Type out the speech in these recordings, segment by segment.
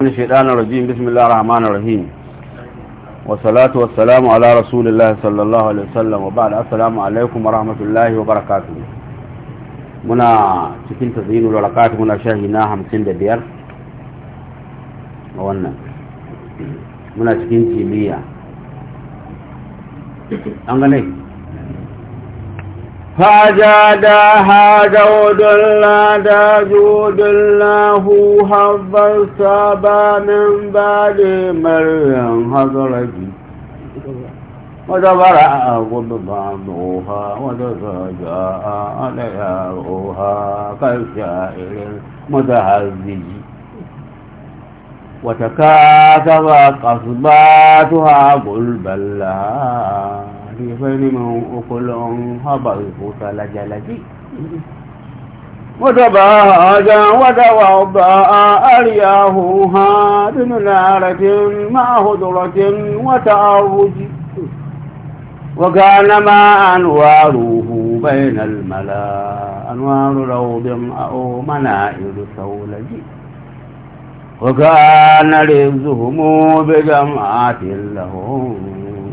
الشيطان الرجيم بسم الله الرحمن الرحيم والصلاة والسلام على رسول الله صلى الله عليه وسلم وبعد السلام عليكم ورحمة الله وبركاته منا cikin tazyin walakat muna shahi na 55 wannan muna cikin kimiyya an gane فأجادها جود لا داجود الله حظ الصبا من بعد مريم حضرك وتبرأ قد بعضها وتفاجأ عليها روحها كالسائل المتهزج وتكاثر قصباتها قلبا لها فإنما وكلهم هبوا فوت لجلجي ودبا هذا ودوا باء أرياهها بنارة مع هدرة وتعرج وكان ما أنواروه بين الملا أنوار روض أو منائر ثولجي وكان رزهم بدمعة لهم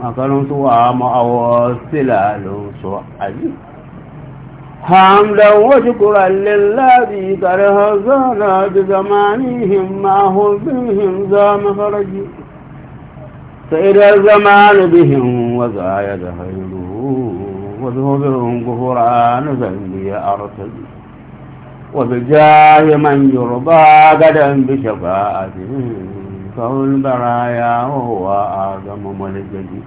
makarantuwa ma'awasila lusu aji hamdan wasu kurallin labi ƙarfin zana da zamanihim ma'ahuzihim za mafaraji سإلى الزمان بهم وزايد خيره وذهبهم غفران ذنبي أرتدي وبجاه من يرضى غدا بشفاعته أكثر برايا هو أعظم ملجدي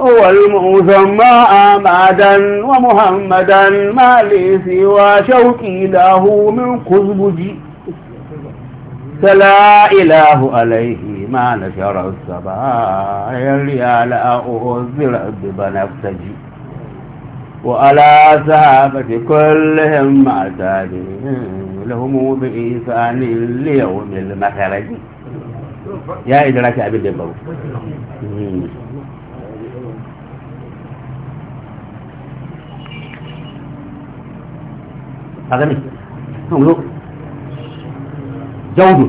هو المسمى آمادا ومحمدا ما لي سوى شوقي له من قزبجي فلا إله عليه ما نشر السبايا الريال أؤذر بنفسجي وعلى صحابة كلهم معتادين لهم بإيثان ليوم المخرج ya yi da abin da ya baro hmm. a gani sun zo jaudu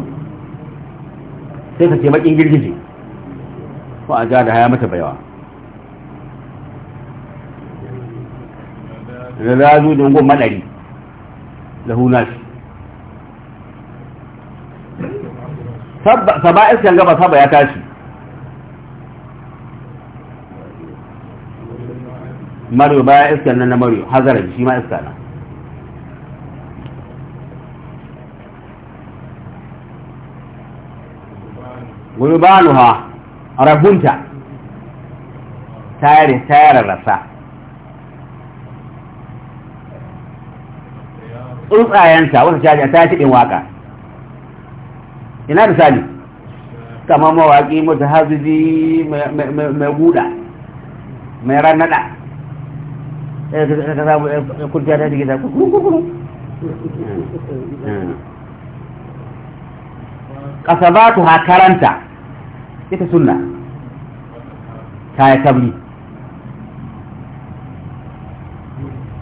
sai ka ce makin girgije ko a ja da haya mata baiwa da zazu da ngon madari da hunashi saba iskan gaba saba ya tashi mario baya iskan nan na mario hazara shi ma iska na gulbanuha rabunta tayar tayar rasa tsuntsayenta wata ta ce ɗin waka ina misali kama mawaƙi mutu haziji mai guda mai ranada eh, ka samu eh, ta ƙasa ba tu ha karanta ita suna ta yi kabli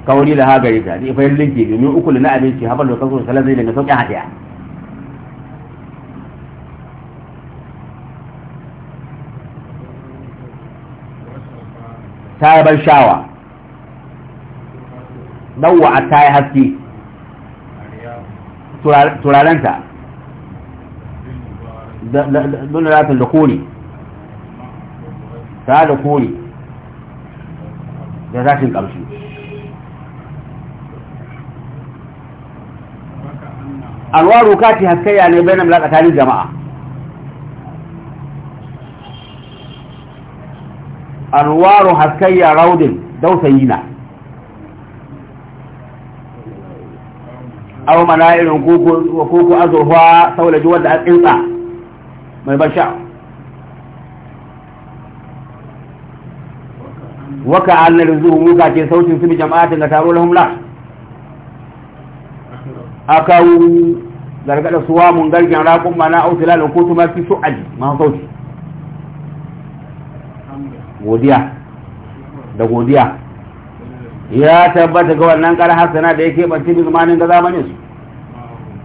kawani da ha ta ne linki domin uku na abinci haɓar da kasu salar zai daga sauƙin haɗiya ta yi ban shawa dawwa a ta yi haske turarenta dunaratun da kore ta da kore da rashin ƙamshi alwaru kaci haskayya ne bayan mulaka tsakanin jama'a anwaru haskayya raudin dausayina aw manairin koko koko azurfa saulaji wanda an mai basha waka annar zuhu muka ce sautin su bi jama'atin da taro lahum la akawu gargada suwa mun gargen raqum mana autilal ko tuma fi su'ali ma sauti godiya da godiya ya tabbata ga wannan kar hasana da yake banci bi zamanin da zamanin su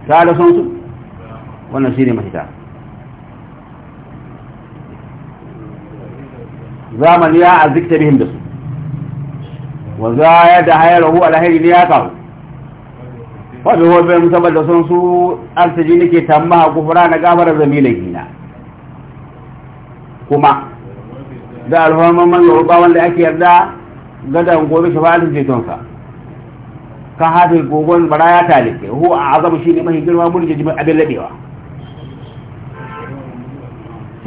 ta da son su wannan ne mahita zamani ya azikta bihim da su wa za ya da hayarahu alhairi ne ya kawo wadda hobe musamman da sun su arsiji nake tamma a kufura na gafarar zamilin hina kuma da alfarman man yoruba wanda ake yarda gadan gobe shafa'atin jetonsa ka hafi gogon bara ya talike hu a azabu ne mahi girma mun jibin abin shi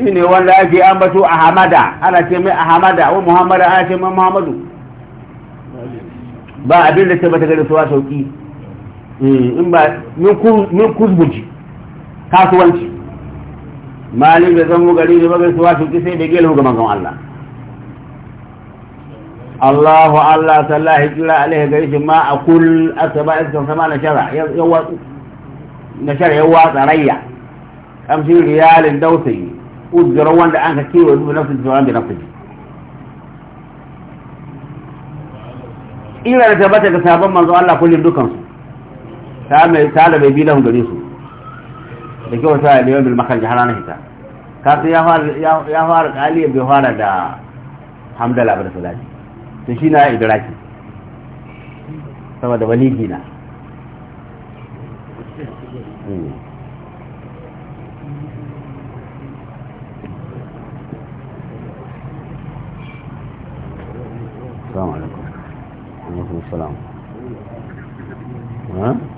shine wanda ake ambato a hamada ana ce mai a hamada wa muhammadu ana ce mai muhammadu ba abin da ce bata gari suwa sauƙi, eh, in ba min kuzbuci kasuwanci malin da zan mu gari da bagar suwa sauƙi sai da gelu ga mangan Allah الله الله تالله الله عليه قريش ما أقول أتبع إذن ثمان شرع نشرع يواط ريع أمشي ريال دوسي وزروان لأنك كيو يدو نفس الزرعان بنفسه إلا لتبتك سابا منذ الله كل دوكم تعالى بيبي لهم قريسه لكي سائل اليوم المخرج حرانه تعالى كاتو يا فارق علي بيفارق حمد الله برسولاته to shi na idraki sama da wani na السلام hmm. عليكم